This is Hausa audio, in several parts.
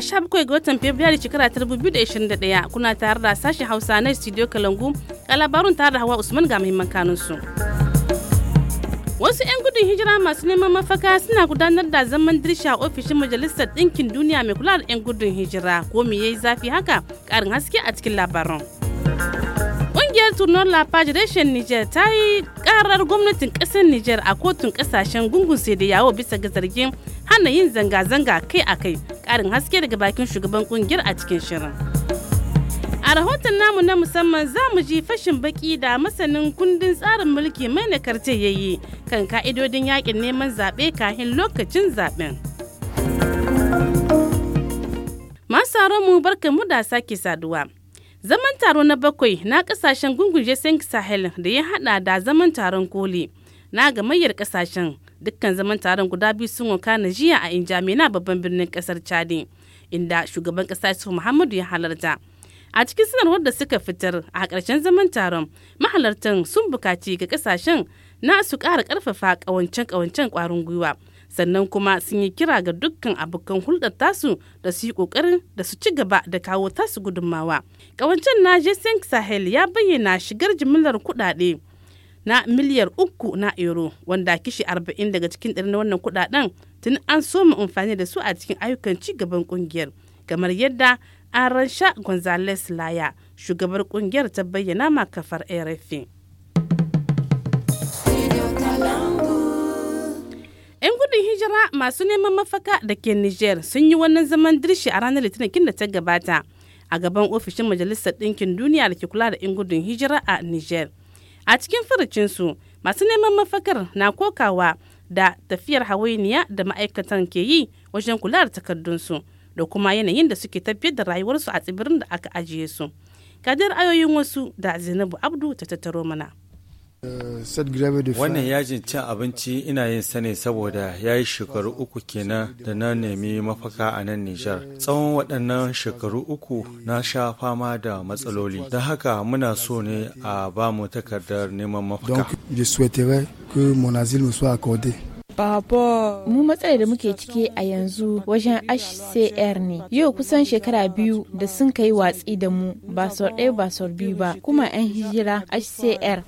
17 ga watan Fabrairu shekara ta 2021 kuna tare da sashi Hausa na Studio Kalangu ga labarun tare da Hawa Usman ga muhimman kanun su. Wasu 'yan gudun hijira masu neman mafaka suna gudanar da zaman dirsha a ofishin Majalisar Ɗinkin Duniya mai kula da 'yan gudun hijira ko me yayi zafi haka ƙarin haske a cikin labaran. Ƙungiyar Turnon La Federation Niger ta yi ƙarar gwamnatin ƙasar Niger a kotun ƙasashen gungun sai da yawo bisa ga zargin hana yin zanga-zanga kai a kai karin haske daga bakin shugaban kungiyar a cikin shirin a rahoton namu na musamman za mu ji fashin baki da masanin kundin tsarin mulki mai na yayi kan ka'idodin yakin neman zaɓe kahin lokacin zaɓen masu mu barka mu da sake saduwa zaman taro na bakwai na kasashen gungun sahel da ya hada da zaman taron koli na gamayyar kasashen dukkan zaman taron guda biyu sun na jiya a na babban birnin kasar chadi inda shugaban kasa su muhammadu ya halarta a cikin sanarwar da suka fitar a ƙarshen zaman taron mahalartan sun bukaci ga kasashen na su ƙara ƙarfafa ƙawancen ƙawancen ƙwarin gwiwa sannan kuma sun yi kira ga dukkan abokan hulɗar tasu da su yi ƙoƙarin da su ci gaba da kawo tasu gudunmawa ƙawancen na jesen sahel ya bayyana shigar jimillar kuɗaɗe na miliyar uku na euro wanda kishi arba'in daga cikin ɗari na wannan kudaden tun an soma amfani da su a cikin ayyukan ci gaban kungiyar kamar yadda an ransha gonzales laya shugabar kungiyar ta bayyana ma kafar rfi 'yan gudun hijira masu neman mafaka da ke niger sun yi wannan zaman dirshi a ranar litinin da ta gabata a gaban ofishin majalisar ɗinkin duniya da ke kula da 'yan gudun hijira a niger a cikin furucinsu masu neman mafakar na kokawa da tafiyar hawainiya da ma'aikatan ke yi wajen kula da takardunsu da kuma yanayin da suke tafiyar da rayuwarsu a tsibirin da aka ajiye su kadar ayoyin wasu da zainabu abdu ta tattaro mana Wannan yajin cin abinci ina yin sane saboda ya yi shekaru uku kenan da na nemi mafaka a nan Nijar. Tsawon waɗannan shekaru uku na sha fama da matsaloli. Don haka muna so ne a ba mu takardar neman mafaka. Donc, je souhaiterais que Mu matsalar da muke ciki a yanzu wajen HCR ne. Yau kusan shekara biyu da sun kai watsi da mu ba sau ɗaya ba sau biyu ba kuma 'yan hijira HCR.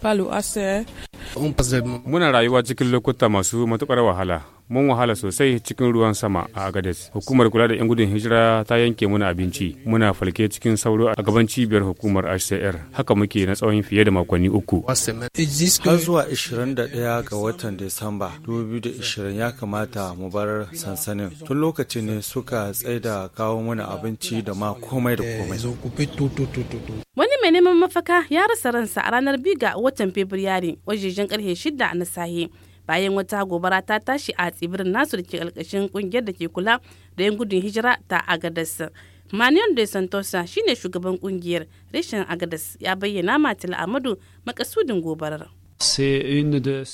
Muna rayuwa cikin lokuta masu matuƙar wahala. mun wahala sosai cikin ruwan sama a Agadez. Hukumar kula da 'yan gudun hijira ta yanke mana abinci. Muna falke cikin sauro a gaban cibiyar hukumar HCR. Haka muke na tsawon fiye da makonni uku. Har zuwa 21 ga watan Disamba 2020 ya kamata mu bar sansanin. Tun lokacin ne suka tsaida kawo mana abinci da ma komai da komai. Wani mai neman mafaka ya rasa ransa a ranar biyu ga watan Fabrairu wajejen karfe shida na sahi. bayan wata gobara ta tashi a tsibirin nasu da ke alkashin ƙungiyar da ke kula da yan gudun hijira ta agadas manuel de santosa shine shugaban ƙungiyar reshen agadas ya bayyana matil amadu makasudin gobarar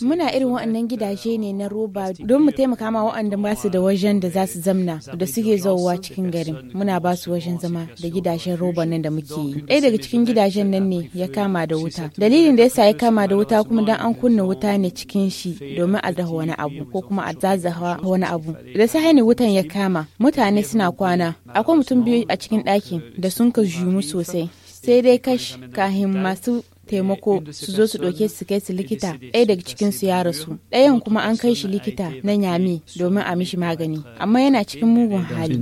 Muna irin waɗannan gidaje ne na roba don mu taimaka ma waɗanda ba su da wajen da za su zamna da suke zauwa cikin garin. Muna ba su wajen zama da gidajen roba nan da muke yi. Ɗaya daga cikin gidajen nan ne ya kama da wuta. Dalilin da yasa ya kama da wuta kuma dan an kunna wuta ne cikin shi domin a dafa wani abu ko kuma a zazzafa wani abu. Da sa ne wutan ya kama mutane suna kwana. Akwai mutum biyu a cikin ɗakin da sun ka jumu sosai. Sai dai kash kahin masu taimako su zo su ɗauke su kai su likita ɗaya daga cikin su ya rasu ɗayan kuma an kai shi likita na nyami domin a mishi magani amma yana cikin mugun hali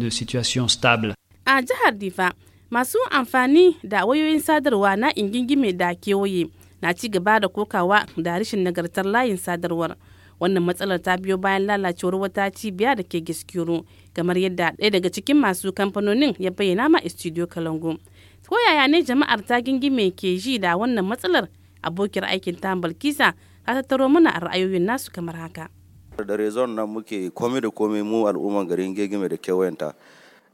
a jihar difa masu amfani da wayoyin sadarwa na ingingime da kewaye na ci gaba da kokawa da rashin nagartar layin sadarwar wannan matsalar ta biyo bayan lalacewar wata cibiya da ke giskiro kamar yadda ɗaya daga cikin masu kamfanonin ya bayyana ma studio kalangu ko yaya ne jama'ar ta gingime ke ji da wannan matsalar abokiyar aikin ta balkisa ta tattaro mana ra'ayoyin nasu kamar haka da rezon nan muke komai da komai mu al'umman garin gegime da kewayenta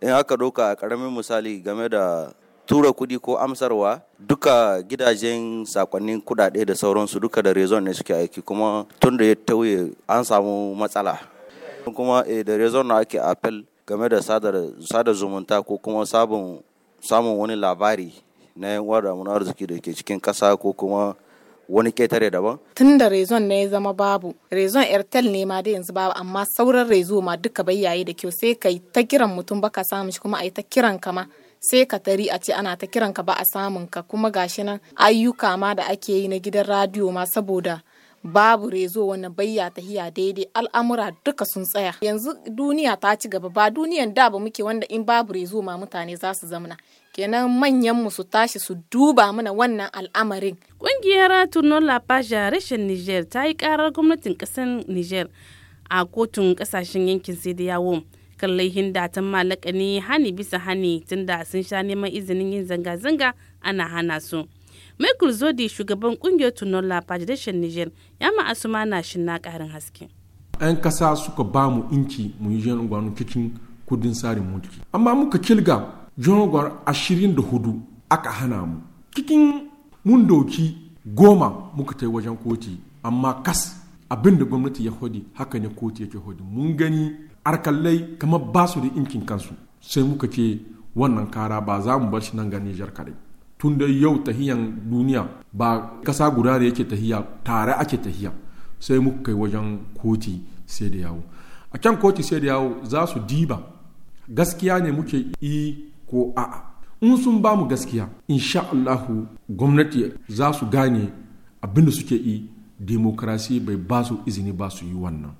in aka doka a karamin misali game da tura kudi ko amsarwa duka gidajen sakonnin kudade da sauransu duka da rezon ne suke aiki kuma tun da ya tauye an samu matsala kuma eh, da rezon na ake apel game da sada zumunta ko kuma sabon samun wani labari na yan uwa da arziki da ke cikin kasa ko kuma wani ketare daban? Tun da rezon ne zama babu, rezon Airtel ne ma da yanzu babu, amma sauran rezo ma duka bai yayi da kyau sai kai ta kiran mutum baka samu shi kuma a ta kiran kama. sai ka tari a ce ana ta kiran ka ba a samun ka kuma gashi nan ayyuka ma da ake yi na gidan radiyo ma saboda babu rezo wani bayya ta hiya daidai al'amura duka sun tsaya yanzu duniya ta ci gaba ba duniyan da ba muke wanda in babu rezo ma mutane za su zamana kenan manyan mu su tashi su duba mana wannan al'amarin kungiyar la lafaja rashin niger ta yi karar gwamnatin kasar niger a kotun kasashen yankin sai da yawo kan laihin ta malaka ne hani bisa hani tunda sun sha neman izinin yin zanga-zanga ana hana su michael zodi shugaban kungiyar tunola federation niger ya ma asuma na shin na karin haske 'yan kasa suka ba mu inci mu yi jan gwanu cikin kudin tsarin mulki amma muka kilga jan ashirin da hudu aka hana mu cikin mun doki goma muka ta wajen koti amma kas abin da gwamnati ya hodi haka ne koti yake hodi mun gani arkallai kamar ba su da inkin kansu sai muka ce wannan kara ba za mu bar shi nan ga Nijar kadai tun da yau tahiyan duniya ba kasa guda da yake tahiya tare ake tahiya sai muka kai wajen koti sai da yawo a can koti sai da yawo za su diba gaskiya ne muke yi ko a'a in sun ba mu gaskiya insha Allahu gwamnati za su gane abinda suke yi demokrasi bai ba su izini ba su yi wannan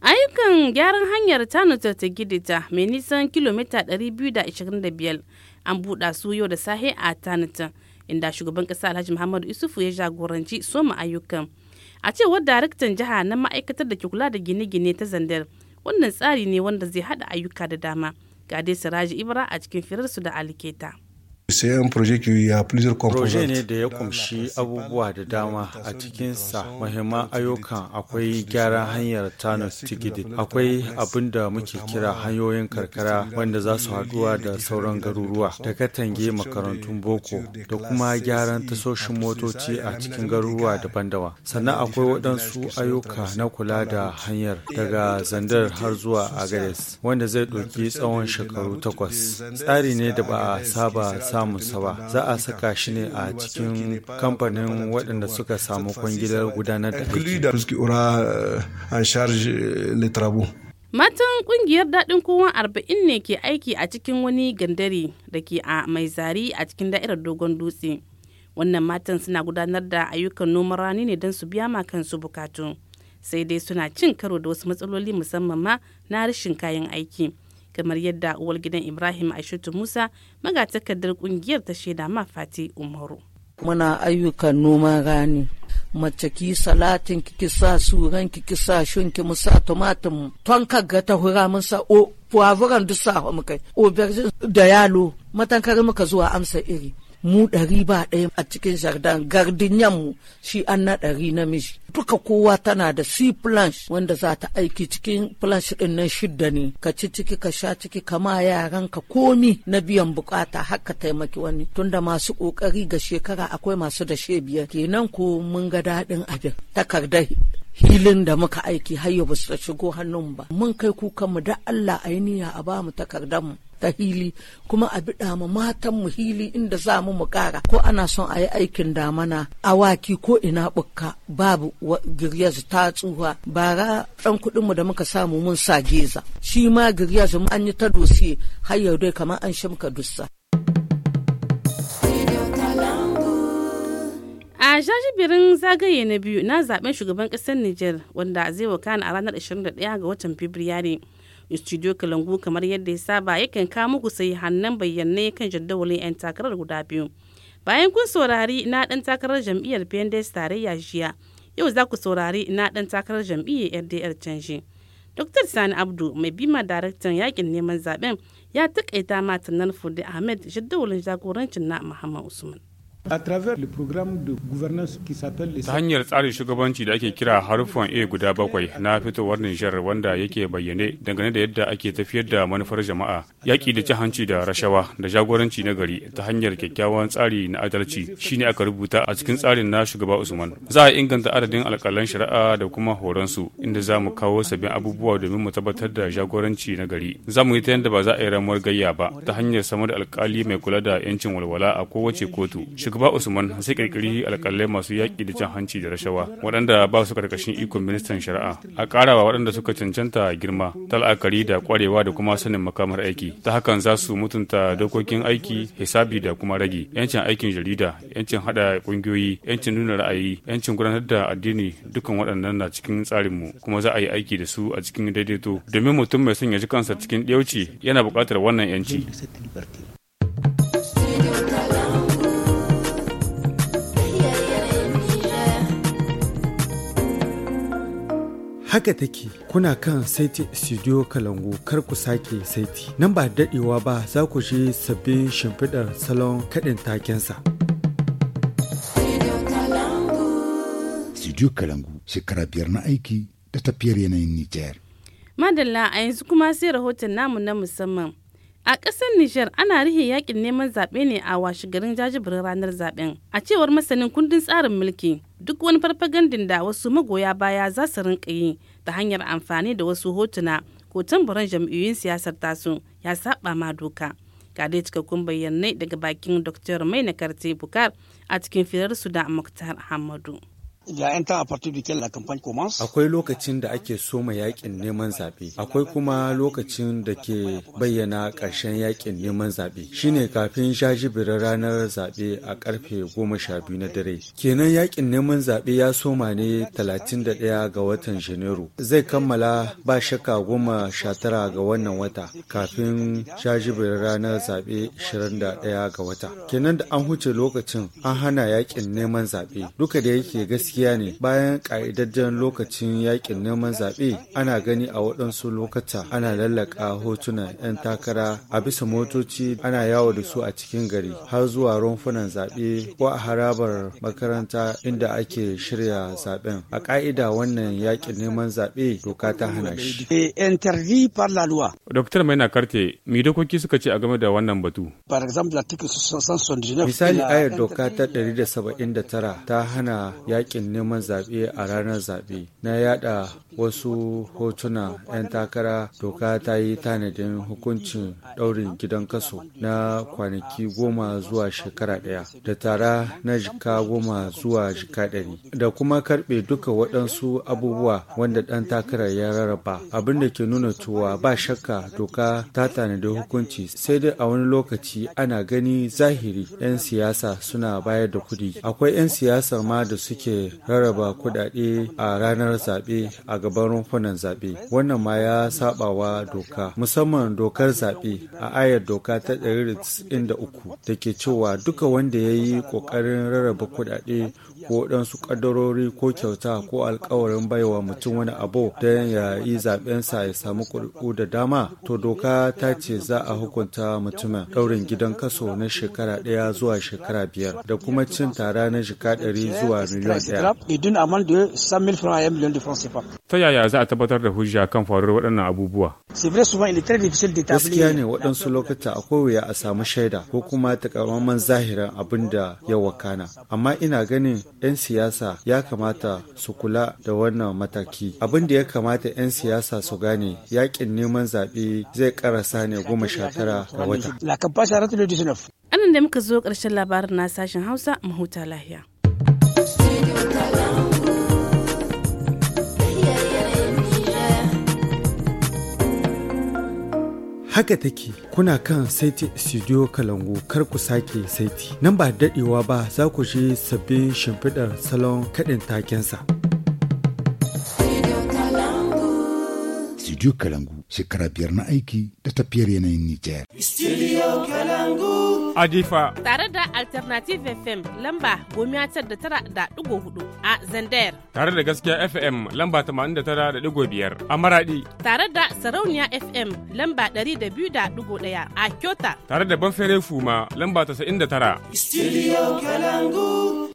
ayyukan gyaran hanyar ta ta gidita mai nisan kilomita 225 an buɗa su yau da sahe a tanatan inda shugaban ƙasa alhaji muhammadu isufu ya jagoranci soma ayyukan a cewar daraktan jiha na ma'aikatar da ke kula da gine-gine ta zandar wannan tsari ne wanda zai haɗa ayyuka da dama ga dai siraji ibra a cikin firarsu da aliketa. Proje ne da ya kumshi abubuwa da dama a cikinsa mahimman ayyukan akwai gyaran hanyar Tanus Tigidi, akwai abin da muke kira hanyoyin karkara wanda za su haɗuwa da sauran garuruwa da katange makarantun boko da kuma gyaran tasoshin motoci a cikin garuruwa daban-daban. Sannan akwai waɗansu ayyuka na kula da hanyar daga Zandar har zuwa Agades wanda zai ɗauki tsawon shekaru takwas. Tsari ne da ba a saba samunsa ba za a saka shi ne a cikin kamfanin waɗanda suka samu kwangilar gudanar da aiki uh, uh, Matan kungiyar daɗin kowa arba'in ne ke aiki a cikin wani gandare da ke a mai zari a cikin da'irar dogon dutse. Wannan matan suna gudanar da ayyukan noman rani ne don su biya ma kansu bukatu. Sai dai suna cin karo da wasu matsaloli musamman ma na rashin kayan aiki. kamar yadda uwar gidan ibrahim Aishatu musa magatakardar kungiyar ta shaida ma fati umaru muna ayyukan noma rani mace ki salatin ki sa suran ki ki sa shun ki mu sa tumatin ton kagga ta hura mun sa o puwavuran duk sa mu kai o da yalo matankar muka zuwa amsa iri mu ɗari ba ɗaya a cikin jardin gardinyan mu shi an na ɗari namiji duka kowa tana da si planche wanda za ta aiki cikin planche ɗin nan shidda ne ka ci ciki ka sha ciki kama yaran ka komi na biyan bukata haka taimaki wani tunda masu ƙoƙari ga shekara akwai masu da biyar kenan ko mun ga daɗin abin takardar hilin da muka aiki har yau ba su shigo hannun ba mun kai kukanmu da Allah ainiya a ba mu takardar mu ta hili kuma a biɗa ma matan mu hili inda za mu mu ƙara ko ana son a yi aikin damana awaki ko ina bukka babu giryazu ta tsuha bara ɗan kuɗin mu da muka samu mun sa geza shi ma giryazu an yi ta dosiye har yau dai kamar an shimka dussa. A jajibirin zagaye na biyu na zaben shugaban ƙasar Nijar wanda zai wakana a ranar 21 ga watan Fabrairu. studio kalangu kamar yadda ya saba yakan kawo muku sai hannun bayanai kan jaddawalin 'yan takarar guda biyu bayan kun saurari na dan takarar jam'iyyar pendes tarayya jiya yau za ku saurari na dan takarar jam'iyyar rdr canji dr sani abdu mai bima daraktan yakin neman zaben ya takaita matanar da ahmed jadawalin jagorancin na muhammad usman Ta hanyar tsarin shugabanci da ake kira haruffan A guda bakwai na fitowar Nijar wanda yake bayyane dangane da yadda ake tafiyar da manufar jama'a, yaƙi da hanci da rashawa da jagoranci na gari ta hanyar kyakkyawan tsari na adalci shine aka rubuta a cikin tsarin na shugaba Usman. Za a inganta adadin alƙalan shari'a da kuma horonsu inda za mu kawo sabbin abubuwa domin mu tabbatar da jagoranci na gari. Za mu yi ta yadda ba za a yi ramuwar gayya ba ta hanyar samar da alƙali mai kula da 'yancin walwala a kowace kotu. shugaba usman sai kirkiri alkalai masu yaƙi da cin hanci da rashawa waɗanda ba su karkashin ikon ministan shari'a a ƙarawa waɗanda suka cancanta girma tal'akari da ƙwarewa da kuma sanin makamar aiki ta hakan za su mutunta dokokin aiki hisabi da kuma rage yancin aikin jarida yancin haɗa ƙungiyoyi yancin nuna ra'ayi yancin gudanar da addini dukkan waɗannan na cikin tsarinmu kuma za a yi aiki da su a cikin daidaito domin mutum mai son ya ji kansa cikin ɗauci yana buƙatar wannan yanci haka take kuna kan saiti studio kalangu kar ku sake saiti nan ba dadewa ba za ku je sabbin shimfiɗar salon kaɗin takensa. studio kalangu shekara biyar na aiki da tafiyar yanayin nijar. madalla a yanzu kuma sai rahoton namu na musamman A ƙasar Nijar ana rihe yakin neman zaɓe ne a washegarin jajibirin ranar zaɓen. A cewar masanin kundin tsarin mulki, duk wani farfagandin da wasu magoya baya za su rinƙa yi ta hanyar amfani da wasu hotuna ko tambaran jam'iyyun siyasar tasu ya saba ma doka ga dai cikakkun bayyanai daga bakin dr maina karte bukar a cikin filarsu da muktar hamadu Akwai lokacin da ake soma yakin neman zaɓe, akwai kuma lokacin da ke bayyana ƙarshen yakin neman zaɓe, shine kafin shajibirar ranar zaɓe a ƙarfe goma sha biyu na dare. Kenan yakin neman zaɓe ya soma ne 31 ga watan Janairu, zai kammala ba shaka goma sha tara ga wannan wata kafin shajibirar ranar zaɓe 21 ga wata. Kenan da an huce lokacin an hana yakin neman zaɓe, duka da yake gaskiya gaskiya ne bayan ƙa'idajjen lokacin yakin neman zaɓe ana gani a waɗansu lokuta ana lallaka hotunan 'yan takara a bisa motoci ana yawo da su a cikin gari har zuwa rumfunan zaɓe ko a harabar makaranta inda ake shirya zaɓen a ƙa'ida wannan yakin neman zaɓe doka ta hana shi. Dr. Maina Karte, me dokoki suka ce a game da wannan batu? Misali ayar doka ta 179 ta hana yakin yakin neman zaɓe a ranar zaɓe na yada wasu hotuna 'yan takara doka ta yi tanadin hukuncin daurin gidan kaso na kwanaki goma zuwa shekara ɗaya da tara na jika goma zuwa jika ɗari da kuma karɓe duka waɗansu abubuwa wanda ɗan takara ya rarraba abin da ke nuna tuwa, ba shakka doka ta tanadi hukunci sai dai a wani lokaci ana gani zahiri 'yan siyasa suna bayar da kuɗi akwai 'yan siyasa ma da suke rarraba kuɗaɗe a ranar zaɓe a gaban rumfunan zaɓe wannan ma ya sabawa doka musamman dokar zaɓe a ayar doka ta 193 da ke cewa duka wanda ya yi ƙoƙarin rarraba kuɗaɗe ko ɗansu ƙaddarori ko kyauta ko alkawarin baiwa mutum wani abu don ya yi zaɓensa ya samu ƙuri'u da dama to doka ta ce za a hukunta mutumin ɗaurin gidan kaso na shekara ɗaya zuwa shekara biyar da kuma cin tara na jika ɗari zuwa miliyan ɗaya. Ta yaya za a tabbatar da hujja kan faruwar waɗannan abubuwa? Gaskiya ne waɗansu lokuta akwai wuya a samu shaida ko kuma takamaiman zahirin abin da ya wakana. Amma ina ganin 'yan siyasa ya kamata su kula da wannan mataki abin da ya kamata 'yan siyasa su gane yakin neman zaɓe zai karasa ne goma sha tara ga wata anan da muka zo ƙarshen labarin na sashen hausa mahuta lahiya haka take kuna kan saiti studio kalangu kar ku sake saiti nan ba daɗewa ba za ku je sabbin shimfidar salon kaɗin takensa. Studio Kalangu shekara biyar na aiki da tafiyar yanayin Nijar. Studio Kalangu. Adifa. Tare da Alternative FM lamba gomiya tar da tara da ɗigo hudu a Zandayar. Tare da gaskiya FM lamba tamanin da tara da ɗigo biyar a Maradi. Tare da Sarauniya FM lamba ɗari da biyu da ɗigo ɗaya a Kyota. Tare da Banfere Fuma lamba tasa'in da tara. Studio Kalangu.